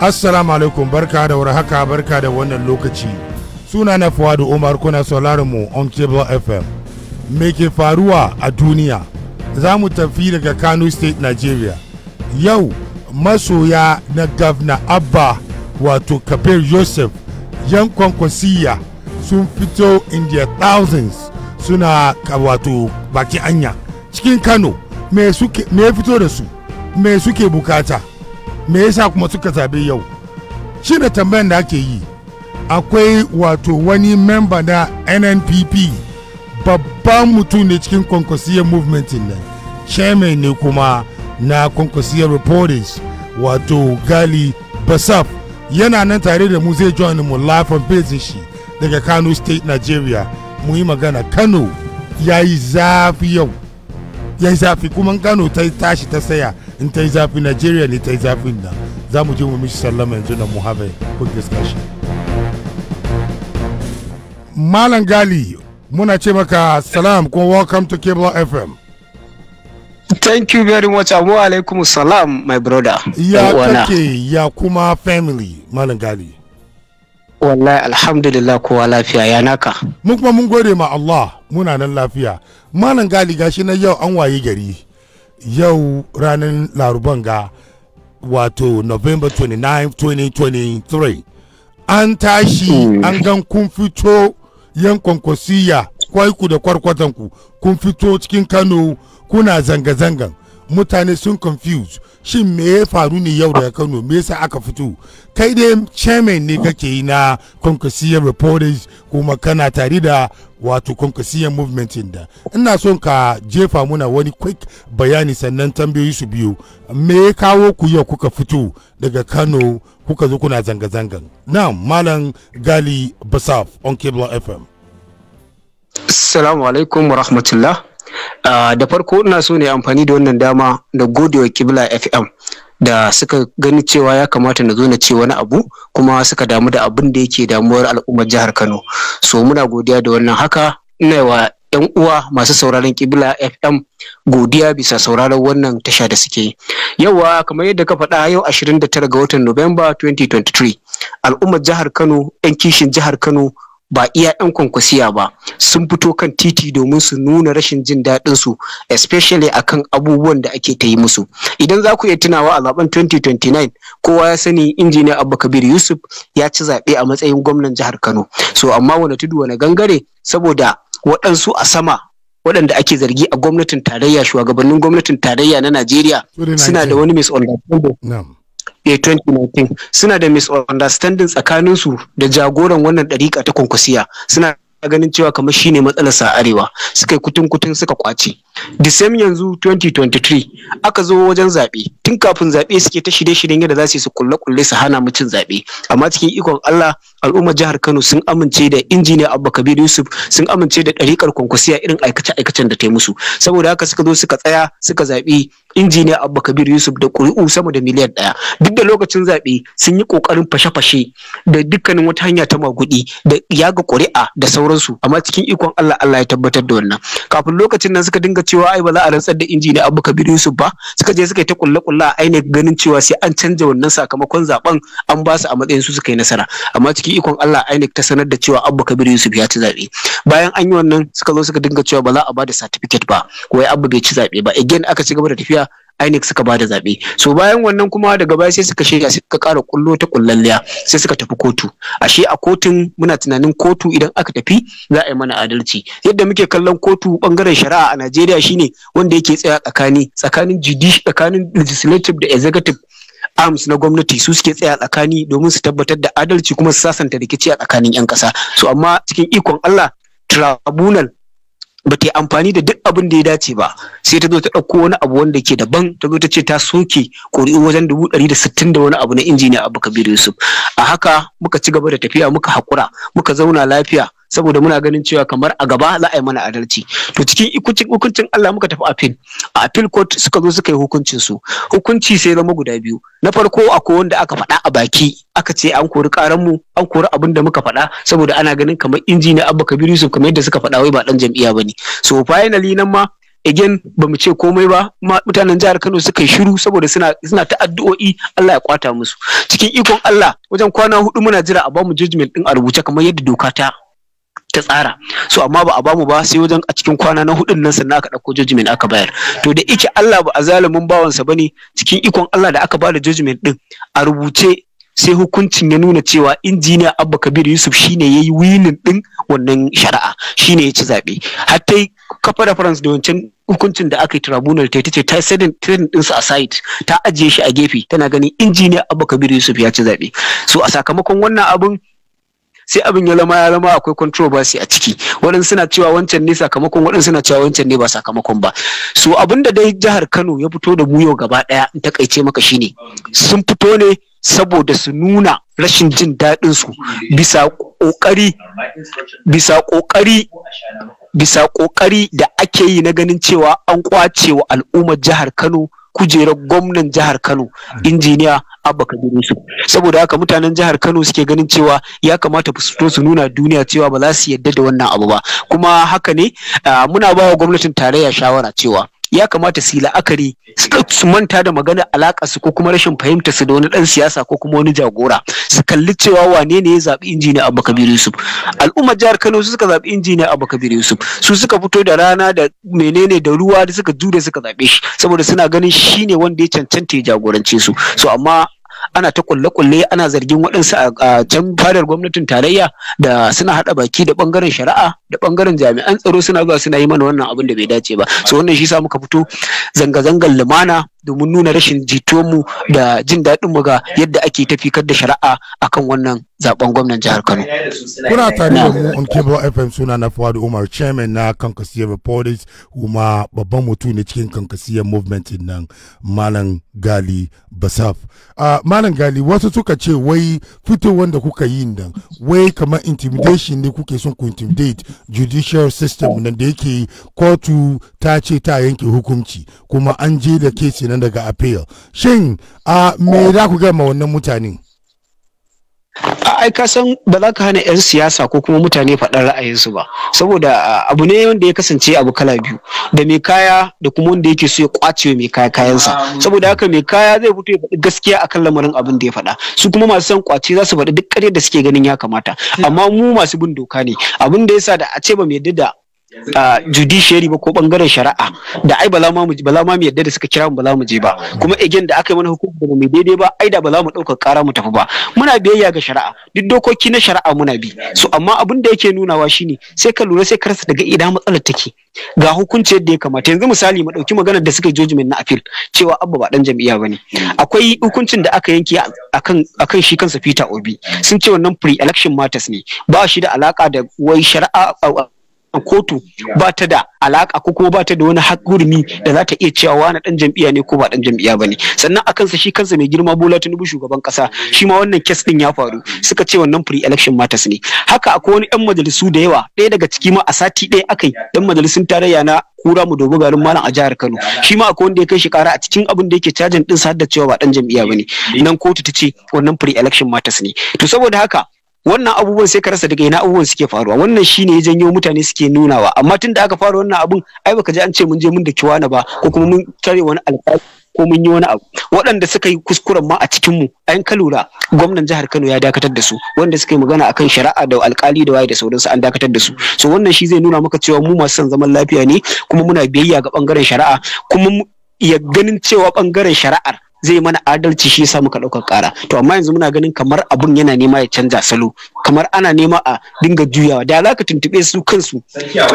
Assalamu alaikum barka da warhaka barka da wannan lokaci suna na fawadu Umar kuna sauraron mu on Cable FM me ke faruwa a duniya za mu tafi daga Kano State Nigeria yau masoya na Gavna Abba wato Kabir joseph yan kwankwasiya sun fito in their thousands suna wato baki anya cikin Kano me ya fito da su me suke bukata me yasa kuma suka zabe yau shi da tambayan da ake yi akwai wato wani memba na nnpp babban mutum ne cikin kwankwasiyar movement nan chairman ne kuma na kwankwasiyar reporters wato gali basaf yana nan tare da mu zai join mu live on shi daga kano state nigeria mu yi magana kano ya yi zafi yau ya yi zafi kuma kano ta tashi ta saya in ta yi zafi nigeria ne ta yi zafin nan za mu je mu mishi sallama yanzu na mu quick discussion malam gali muna ce maka salam kuma welcome to cable fm thank you very much abu alaikum salam my brother ya kake ya kuma family malam gali wallahi alhamdulillah kowa lafiya ya naka mun kuma mun gode ma Allah muna nan lafiya malam gali gashi na yau an waye gari yau ranar laruban ga wato november 29 2023 an tashi mm. an gan kun fito yan kwankwasiya kwaiku da kwarkwatanku kun fito cikin kano kuna zanga-zangan mutane sun confuse shin me ya faru ne yau daga kano me yasa aka fito kai dai chairman ne kake yi na concussion reporters kuma kana tare da wato concussion movement da ina son ka jefa muna wani quick bayani sannan tambayoyi su biyu me ya kawo ku yau kuka fito daga kano kuka zo kuna zanga-zangan na malam gali basaf on cable fm Assalamu alaikum wa rahmatullah. Ah, da farko ina so ne amfani da wannan dama da godewa kibla fm da suka gani cewa ya kamata na zo na ce wani abu kuma suka damu da abin da yake damuwar al'ummar jihar kano so muna godiya da wannan haka ina wa 'yan uwa masu sauraron kibla fm godiya bisa sauraron wannan tasha da suke yi yawa kamar yadda ka faɗa yau 29 ga watan nuwamba 2023 al'ummar jihar kano 'yan kishin jihar kano ba iya 'yan kwankwasiya ba sun fito kan titi domin su nuna rashin jin daɗin su especially akan abubuwan da ake ta yi musu idan za ku iya tunawa a zaben 2029 kowa ya sani injiniya abba kabir yusuf ya ci zaɓe a matsayin gwamnan jihar kano so amma wani tudu wani gangare saboda waɗansu a sama waɗanda ake zargi a gwamnatin tarayya shugabannin gwamnatin tarayya na najeriya suna da wani misunderstanding A eh, 2019 suna da misunderstanding tsakaninsu da jagoran wannan ɗariƙa ta kwankwasiya suna ganin cewa kamar shine matsalar a arewa suka yi kutun kutun suka kwace the same yanzu 2023 aka zo wajen zaɓe tun kafin zaɓe suke ta shirye-shiryen yadda za su yi su kulle-kulle su hana mu cin zaɓe amma cikin ikon Allah al'ummar jihar Kano sun amince da injiniya Abba Kabir Yusuf sun amince da ɗariƙar kwankwasiya irin aikace-aikacen da ta yi musu saboda haka suka zo suka tsaya suka zaɓi injiniya Abba Kabir Yusuf da ƙuri'u sama da miliyan ɗaya duk da lokacin zaɓe sun yi ƙoƙarin fashe-fashe da dukkanin wata hanya ta magudi da yaga ƙuri'a da sauransu amma cikin ikon Allah Allah ya tabbatar da wannan kafin lokacin nan suka dinga cewa ai ba za a rantsar da injiniya Abba Kabir Yusuf ba suka je suka yi ta kulle-kulle Allah INEC ganin cewa sai an canja wannan sakamakon zaben an ba su a matsayin su suka yi nasara amma cikin ikon Allah INEC ta sanar da cewa Abba Kabir Yusuf ya ci zabe bayan an yi wannan suka zo suka dinga cewa ba za a ba da certificate ba wai Abba bai ci zabe ba again aka ci gaba da tafiya INEC suka ba da zaɓe so bayan wannan kuma daga baya sai suka shirya suka ƙara kullo ta kullalliya sai suka tafi kotu ashe a kotun muna tunanin kotu idan aka tafi za a yi mana adalci yadda muke kallon kotu bangaren shari'a a Najeriya shine wanda yake tsaya tsakani tsakanin judicial tsakanin legislative da executive arms na gwamnati su suke tsaya tsakani domin su tabbatar da adalci kuma su sasanta rikici a tsakanin 'yan ƙasa so amma cikin ikon Allah tribunal ba ta yi amfani da duk abin da ya dace ba sai ta zo ta ɗauko wani abu wanda ke daban ta zo ta ce ta soke ƙuri'u wajen dubu ɗari da sittin da wani abu na injiniya abu kabiru yusuf a haka muka ci gaba da tafiya muka haƙura muka zauna lafiya saboda muna ganin cewa kamar a gaba za a yi mana adalci to cikin hukuncin Allah muka tafi appeal a appeal court suka zo suka yi hukuncin su hukunci sai zama guda biyu na farko akwai wanda aka fada a baki aka ce an kori karan mu an kori abin da muka faɗa saboda ana ganin kamar inji injiniya Abba Kabiru Yusuf kamar yadda suka faɗa wai ba dan jam'iyya bane so finally nan ma again ba mu ce komai ba mutanen jihar Kano suka yi shiru saboda suna suna ta addu'o'i Allah ya kwata musu cikin ikon Allah wajen kwana hudu muna jira a bamu judgment din a rubuce kamar yadda doka ta ta tsara so amma ba a bamu ba sai wajen a cikin kwana na hudun nan sannan aka dauko judgment aka bayar to da ike Allah ba a zalimin bawansa bane cikin ikon Allah da aka ba da judgment din a rubuce sai hukuncin ya nuna cewa injiniya abba kabir yusuf shine yayi yi din wannan shari'a shine ya ci zaɓe tai kafa reference da wancan hukuncin da aka yi tribunal ta ce ta sedin tirin dinsu a site ta ajiye shi a gefe tana ganin injiniya abba kabir yusuf ya ci zaɓe so a sakamakon wannan abun sai abin ya zama ya zama akwai controversy a ciki waɗansu suna cewa wancan ne sakamakon waɗansu suna cewa wancan ne ba sakamakon ba so abin da dai jihar Kano ya fito da mu gaba ɗaya in takaice maka shine sun fito ne saboda su nuna rashin jin daɗin su bisa ƙoƙari bisa kokari bisa kokari da ake yi na ganin cewa an kwace wa al'ummar jihar Kano kujerar gwamnan jihar Kano injiniya Abba Kabir su saboda haka mutanen jihar Kano suke ganin cewa ya kamata su fito su nuna duniya cewa ba za su yarda da wannan abu ba kuma haka ne muna ba wa gwamnatin tarayya shawara cewa ya kamata su yi la'akari su manta da magana alaƙa su ko kuma rashin fahimta su da wani ɗan siyasa ko kuma wani jagora su kalli cewa wane ne ya zaɓi injiniya Abba Kabir Yusuf al'ummar jihar Kano su suka zaɓi injiniya Abba Kabir Yusuf su suka fito da rana da menene da ruwa da suka jure suka zaɓe shi saboda suna ganin shi ne wanda ya cancanta ya jagorance su so amma ana ta kulle-kulle ana zargin waɗansu a can fadar gwamnatin tarayya da suna haɗa baki da ɓangaren shari'a da bangaren jami'an tsaro suna zuwa suna yi mana wannan abin da bai dace ba so wannan shi sa muka fito zanga-zangar lumana domin nuna rashin mu da jin daɗin mu ga yadda ake tafikar da shari'a akan wannan zaben gwamnan jihar Kano. Kuna tare da mu Cable FM suna na Fuad Umar chairman na Kankasiya Reporters kuma babban mutum ne cikin Kankasiya movement nan Malam Gali Basaf. Uh, Malam Gali wasu suka ce wai fitowar da kuka yi nan wai kamar intimidation ne kuke son ku intimidate judicial system oh. nan da yake kotu ta ce ta yanke hukunci kuma an je da kesi nan daga appeal shin a me oh. za ku gama wannan mutanen ai ka san ba za ka hana 'yan siyasa ko kuma mutane faɗar ra'ayinsu ba saboda abu ne wanda ya kasance abu kala biyu da mai kaya da kuma wanda yake so ya kwace mai kaya kayansa saboda haka mai kaya zai fito ya faɗi gaskiya akan lamarin abin da ya faɗa su kuma masu san kwace za su faɗi duk ƙarya da suke ganin ya kamata hmm. amma mu masu bin doka ne abin da ya sa da a ce ba mai yadda da judiciary ba ko bangaren shari'a da ai ba mu ba za mu yadda da suka kira mu ba za mu je ba kuma again da aka yi mana hukunci ba mai daidai ba ai da ba za mu ɗaukar ƙara mu tafi ba muna biyayya ga shari'a duk dokoki na shari'a muna bi so amma abin da yake nunawa shine sai ka lura sai ka rasa daga idan matsalar take ga hukunci yadda ya kamata yanzu misali mu ɗauki maganar da suka judgment na appeal cewa abba ba dan jami'a bane akwai hukuncin da aka yanke akan akan shi kansa Peter Obi sun ce wannan pre-election matters ne ba shi da alaka da wai shari'a kotu ba ta da alaka ko kuma ba ta da wani hakurmi da za ta iya cewa wani dan jam'iyya ne ko ba dan jam'iyya bane sannan a kansa shi kansa mai girma Bola Tinubu shugaban kasa shi ma wannan kes din ya faru suka ce wannan pre election matters ne haka akwai wani yan majalisu da yawa ɗaya daga ciki ma a sati ɗaya akai dan majalisun tarayya na kura mu dobi garin malam a jihar Kano shi ma akwai wanda ya kai shi kara a cikin abin da yake cajin din sa da cewa ba dan jam'iyya bane nan kotu ta ce wannan pre election matters ne to saboda haka wannan abubuwan sai ka rasa daga ina abubuwan suke faruwa wannan shine ya janyo mutane suke nunawa amma tun da aka fara wannan abun ai baka ji an ce mun je mun da kiwana ba ko kuma mun tare wani alƙali ko mun yi wani abu waɗanda suka yi kuskuren ma a cikin mu an ka lura gwamnan jihar Kano ya dakatar da su wanda suka yi magana akan shari'a da alƙali da waye da sauransu an dakatar da su so wannan shi zai nuna maka cewa mu masu son zaman lafiya ne kuma muna biyayya ga bangaren shari'a kuma ya ganin cewa bangaren shari'ar zai mana adalci shi yasa muka ɗaukar ƙara to amma yanzu muna ganin kamar abun yana nema ya canza salo kamar ana nema a dinga juyawa da za ka tuntuɓe su kansu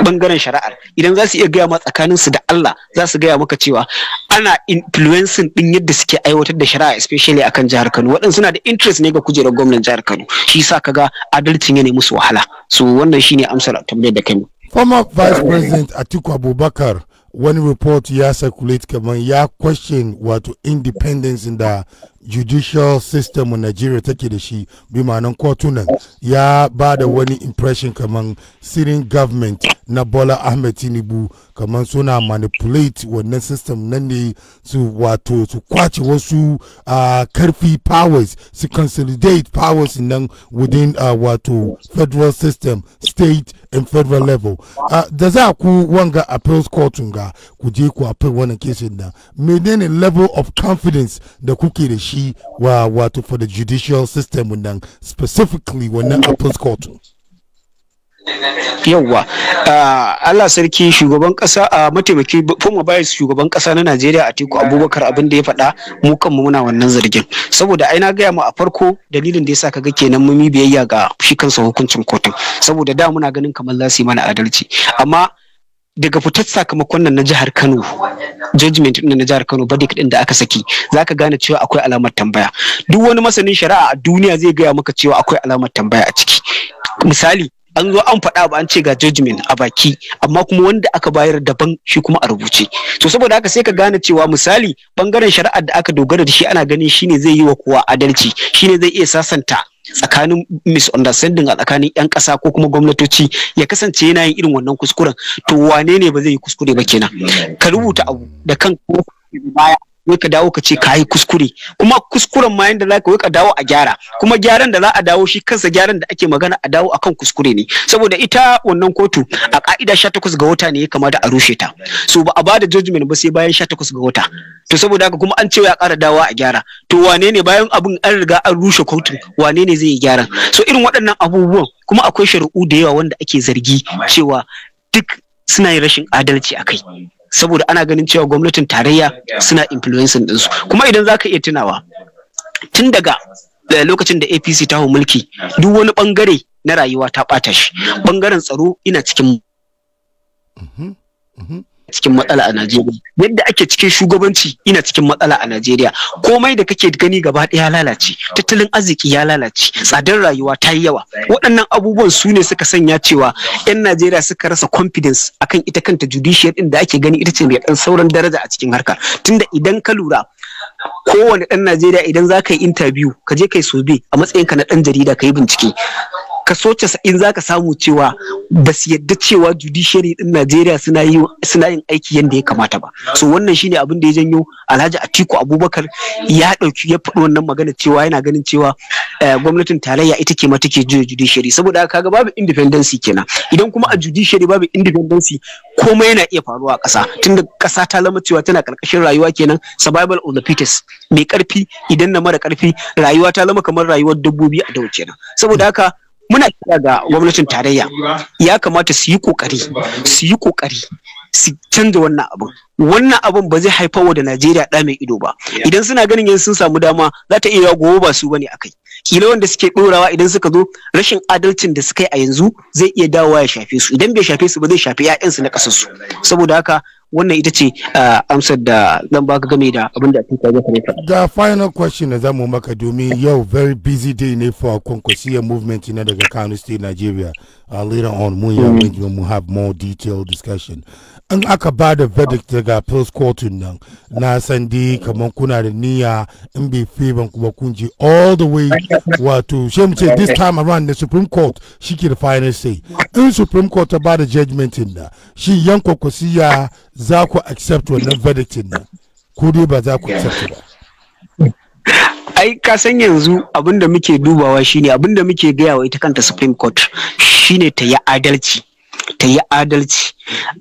bangaren shari'ar idan za su iya gaya ma tsakanin su da Allah za su gaya maka cewa ana influencing din yadda suke aiwatar da shari'a especially akan jihar Kano waɗansu suna da interest ne ga kujerar gwamnan jihar Kano shi yasa kaga adalcin yana musu wahala so wannan shine amsar tambayar da kai former vice president Atiku Abubakar wani report ya circulate kamar ya question wato independence da judicial system Nigeria take da shi bi ma'anan kotunan ya ba da wani impression kamar sitting government na bola ahmed tinubu kamar suna manipulate wannan system nan ne su wato su kwace wasu uh, karfi powers su consolidate powers nan within uh, wato federal system state and federal level uh, da za ku wanga appeals court ga ku je ku appeal wannan kesin nan menene level of confidence da kuke da shi shi wa wato for the judicial system wannan specifically wannan appeals court yauwa ah, Allah sarki shugaban kasa a ah, mataimaki former vice shugaban kasa na Najeriya teku Abubakar abin da ya faɗa mu kan muna wannan zargin saboda aina na gaya mu a farko dalilin da ya sa kaga kenan mun biyayya ga shi kansa hukuncin kotun saboda da muna ganin kamar za su yi mana adalci amma daga fitar sakamakon nan na jihar Kano judgment din na jihar Kano verdict din da aka saki zaka gane cewa akwai alamar tambaya duk wani masanin shari'a a duniya zai gaya maka cewa akwai alamar tambaya a ciki misali an zo an faɗa ba an ce ga judgment a baki amma kuma wanda aka bayar daban shi kuma a rubuce to saboda haka sai ka gane cewa misali bangaren shari'ar da aka dogara da shi ana ganin shine zai yi wa kowa adalci shine zai iya sasanta tsakanin misunderstanding a tsakanin 'yan ƙasa ko kuma gwamnatoci ya kasance yana yin irin wannan kuskuren to wane ne ba zai yi kuskure ba kenan ka rubuta abu da kan baya wai ka dawo ka ce ka yi kuskure kuma kuskuren ma yanda zaka wai ka dawo a gyara kuma gyaran da za a dawo shi kansa gyaran da ake magana a dawo akan kuskure ne saboda ita wannan kotu a ka'ida 18 ga wata ne ya kamata a rushe ta so ba a bada judgment ba sai bayan 18 ga wata to saboda haka kuma an ce ya ƙara dawo a gyara to wane ne bayan abin an riga an rushe kotun wane ne zai yi gyaran so irin waɗannan abubuwan kuma akwai shari'u da yawa wanda ake zargi cewa duk suna yin rashin adalci a kai saboda ana ganin cewa gwamnatin tarayya suna influencing ɗinsu kuma idan za ka iya tunawa tun daga eh, lokacin da apc ta hau mulki duk wani bangare na rayuwa ta ɓata shi bangaren tsaro ina cikin mhm. cikin matsala a Najeriya yadda ake cikin shugabanci ina cikin matsala a Najeriya komai da kake gani gaba ɗaya lalace tattalin arziki ya lalace tsadar rayuwa ta yi yawa waɗannan abubuwan su ne suka sanya cewa 'yan Najeriya suka rasa confidence akan ita kanta judiciary din da ake gani ita ce mai ɗan sauran daraja a cikin harka tunda idan ka lura kowane ɗan Najeriya idan za ka yi interview ka je kai sobe a matsayinka na ɗan jarida ka yi bincike kaso in zaka samu cewa ba su yadda cewa judiciary din Najeriya suna yin aiki yadda ya kamata ba so wannan shine abin da ya janyo Alhaji Atiku Abubakar ya dauki ya faɗi wannan magana cewa yana ganin cewa eh, gwamnatin tarayya ita ke ma ke juya judiciary saboda haka kaga babu independency kenan idan kuma a judiciary babu independency komai yana iya faruwa a ƙasa tunda ƙasa ta zama cewa tana ƙarƙashin rayuwa kenan survival of the fittest mai ƙarfi idan na mara ƙarfi rayuwa ta zama kamar rayuwar dabbobi a dau kenan saboda haka muna kira ga gwamnatin tarayya ya kamata su yi kokari su yi kokari su canza wannan abin wannan abin ba zai wa da najeriya ɗa mai ido ba idan suna ganin yanzu sun samu dama za ta iya gobe ba su bane akai kila wanda suke ɗorawa idan suka zo rashin adalcin da suka yi a yanzu zai iya dawowa ya shafe su idan bai shafe su ba zai shafe 'ya'yansu na ƙasarsu saboda haka wannan ita ce uh, amsar da zan baka game da abin da ake kawo ka da final question da zamu maka domin yau very busy day ne for konkwasiya movement na daga Kano State Nigeria uh, later on mun ya mun mm-hmm. mu have more detailed discussion An aka ba da verdict daga appeals court nan na san dai kamar kuna da niyya in bai fi ban kuma kun je all the way wato shi mu ce this time around the supreme court shi ke final say in supreme court ta ba da judgment din da shi yan kwakwasiya za ku accept wannan verdict nan ko dai ba za ku accept ba ai ka san yanzu abin da muke dubawa shine abin da muke gaya wa ita kanta supreme court shine ta yi adalci ta yi adalci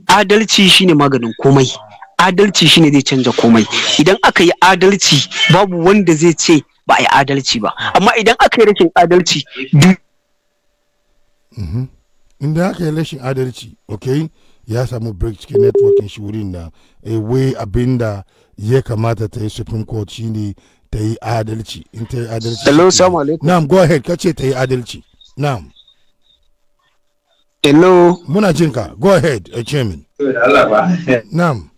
adalci shine maganin komai adalci shine zai canza komai idan aka yi adalci babu wanda zai ce ba a yi adalci ba amma idan aka yi rashin adalci mhm. inda aka yi rashin adalci okay ya samu break cikin networking shi wurin nan a eh, way abin ya kamata ta yi supreme court shine ta yi adalci in ta yi adalci hello salamu alaikum na'am go ahead kace ta yi adalci na'am hello muna jin ka go ahead a eh, chairman na'am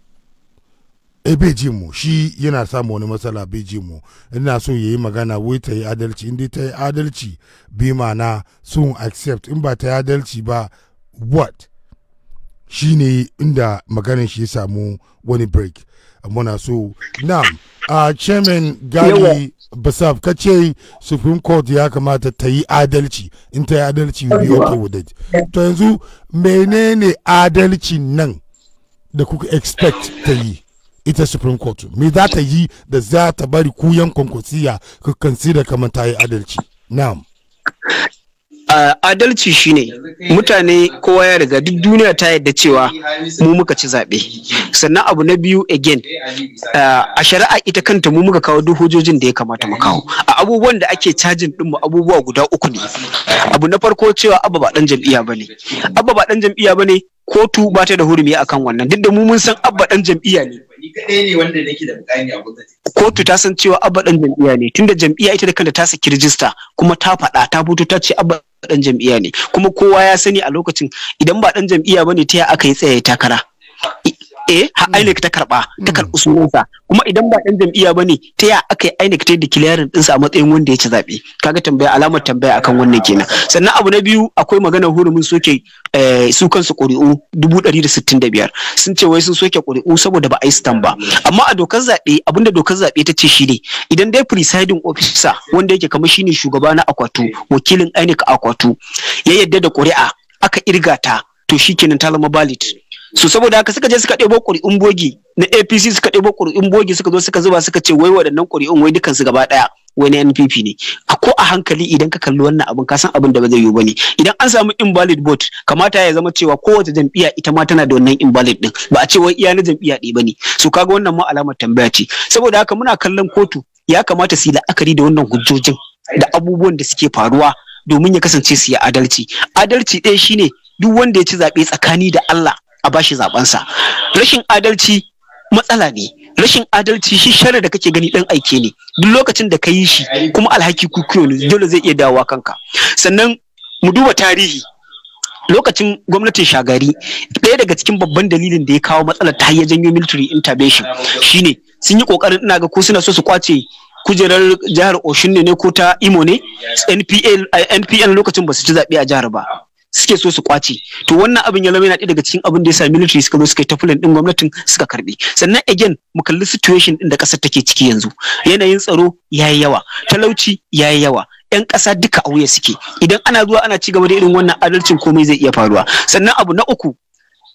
e bai ji mu shi yana samu wani matsala bai ji mu ina so yayi magana wai ta yi adalci in dai ta yi adalci bi ma'ana sun accept in ba ta yi adalci ba what shi ne inda maganin shi ya samu wani break muna so na a chairman gadi basaf ka ce supreme court ya kamata ta yi adalci in ta yi adalci yi okay with it to yanzu menene adalci nan da kuka expect ta yi ita supreme court me za ta yi da za ta bari kuyan kwankwasiya ku consider kamar ta yi adalci na'am adalci shine mutane kowa ya riga duk duniya ta yadda cewa mu muka ci zaɓe sannan abu na biyu again a shari'a ita kanta mu muka kawo duk hujojin da ya kamata mu kawo a abubuwan da ake cajin ɗinmu abubuwa guda uku ne abu na farko cewa abba ba ɗan jam'iyya bane abba ba ɗan jam'iyya bane kotu ba ta da hurumi akan wannan duk da mu mun san abba ɗan jam'iyya ne ni kadai ne wanda nake da a gwamnati kotu ta san cewa abba jam'iyya ne tunda jam'iyya ita da kanta ta saki rijista kuma ta faɗa ta fito ta ce abadan jam'iyya ne kuma kowa ya sani a lokacin idan ba ɗan jam'iyya bane ta ya aka yi tsaye takara eh ha hmm. INEC ta karba ta hmm. karbi sunansa kuma idan ba dan jam'iyya bane ta ya aka yi INEC ta declaring din sa matsayin wanda ya ci zaɓe kaga tambaya alamar tambaya akan wannan kenan sannan abu na biyu akwai maganar hurumin soke eh, su kansu ƙuri'u dubu ɗari da sittin da biyar sun ce wai sun soke Kuri'u saboda ba a yi stan ba amma a dokar zaɓe abinda dokar zaɓe ta ce shine idan dai presiding officer wanda yake kamar shine shugaba na akwatu wakilin INEC akwatu ya yadda da ƙuri'a aka irga ta to shikenan ta zama valid su saboda haka suka je suka ɗebo ƙuri'un bogi na apc suka ɗebo ƙuri'un bogi suka zo suka zuba suka ce wai waɗannan ƙuri'un wai dukansu gaba ɗaya wai na npp ne a ko a hankali idan ka kalli wannan abin ka san abin da ba zai yiwu ba ne idan an samu invalid vote kamata ya zama cewa kowace jam'iyya ita ma tana da wannan invalid din ba a ce wai iya na jam'iyya ɗaya ba ne so kaga wannan ma alamar tambaya ce saboda haka muna kallon kotu ya kamata su yi la'akari da wannan hujjojin da abubuwan da suke faruwa domin ya kasance su yi adalci adalci ɗaya shine duk wanda ya ci zaɓe tsakani da Allah a bashi sa rashin adalci matsala ne rashin adalci shi sharar da kake gani dan aike ne duk lokacin da ka yi shi kuma alhaki kukiyo ne dole zai iya dawowa kanka sannan mu duba tarihi lokacin gwamnatin shagari ɗaya daga cikin babban dalilin da ya kawo matsalar ta hanyar janyo military intervention shine sun yi kokarin ina ga ko suna so su kwace kujerar jihar oshun ne ko ta imo ne npl eh, lokacin ba su ci zaɓe a jihar ba suke so su kwace to wannan abin ya zama yana daga cikin abin da yasa military suka zo suka yi tafulin din gwamnatin suka karɓi. sannan again mu kalli situation din da kasar take ciki yanzu yanayin tsaro yayi yawa talauci yayi yawa 'yan ƙasa duka a wuya suke idan ana zuwa ana ci gaba da irin wannan adalcin komai zai iya faruwa sannan abu na uku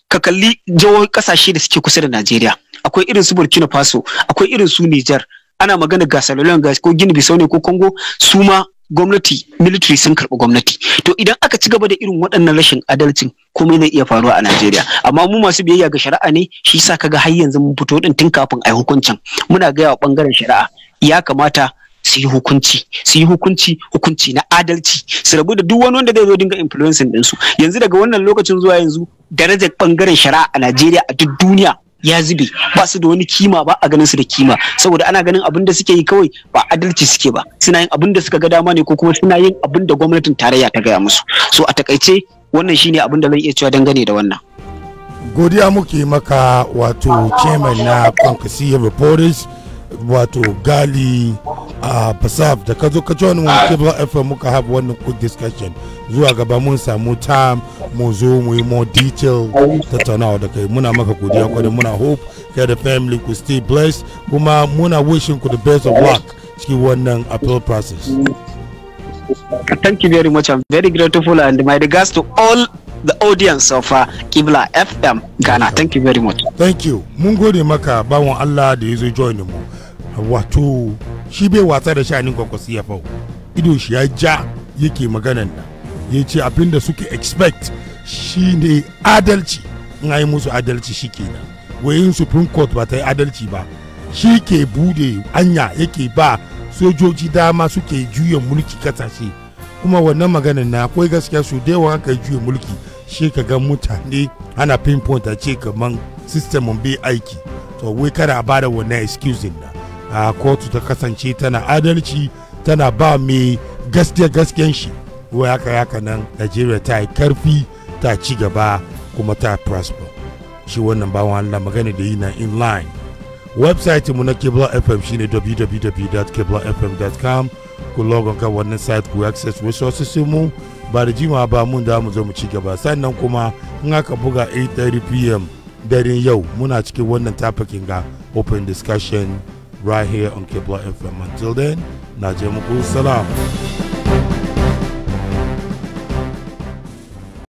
ka kalli jawon ƙasashe da suke kusa da Najeriya akwai irin su Burkina Faso akwai irin su Niger ana magana ga Sierra Leone ko Guinea Bissau ne ko Congo su ma gwamnati military sun karɓi gwamnati to idan aka ci gaba da irin waɗannan rashin adalcin komai zai iya faruwa a Najeriya amma mu masu biyayya ga shari'a ne shi sa kaga har yanzu mun fito din tun kafin ai hukuncin muna gaya wa bangaren shari'a ya kamata su yi hukunci su yi hukunci hukunci na adalci su rabu da duk wani wanda zai zo dinga influencing su yanzu daga wannan lokacin zuwa yanzu darajar bangaren shari'a a Najeriya a duk duniya ya zube ba su da wani kima ba a ganin su da kima saboda ana ganin abin da suke yi kawai ba adalci suke ba suna yin abin da suka ga dama ne ko kuma suna yin abin da gwamnatin tarayya ta gaya musu so a takaice wannan shine abin da zan iya cewa dangane da wannan godiya muke maka wato chairman na conciliar reporters wato gali a basaf da ka zo ka wani mu cable fm muka have wannan quick discussion zuwa gaba mun samu time mu zo mu yi more detail tattaunawa da kai muna maka godiya kwarai muna hope kai da family ku stay blessed kuma muna wishing ku the best of luck cikin wannan appeal process thank you very much i'm very grateful and my regards to all the audience of uh, Kibla FM Ghana. Thank you very much. Thank you. Mun gode maka bawon Allah da ya zo join mu. wato shi bai wasa da shanin kwakwasi ya fau ido shi ya ja yake maganan nan ya ce abinda suke expect shi ne adalci in yi musu adalci shi ke kenan wayin supreme court ba ta yi adalci ba shi ke bude anya yake ba sojoji dama suke juya mulki kasashe kuma wannan maganan na akwai gaskiya su da yawan aka juya mulki shi ka ga mutane ana pinpoint a ce kaman system bai aiki to wai kada a bada wannan excuse na a kotu ta kasance tana adalci tana ba mai gaske gasken shi wai haka haka nan najeriya ta yi karfi ta ci gaba kuma ta prosper shi wannan bawan allah magana da yi na inline website mu na kibla fm shine www.kiblafm.com ku logon ka wannan site ku access resources mu ba da jima ba mun da mu zo mu ci gaba sannan kuma in aka buga 8:30 pm darin yau muna cikin wannan tafakin ga open discussion right here on Kibla FM. Until then, Najamuku Salam.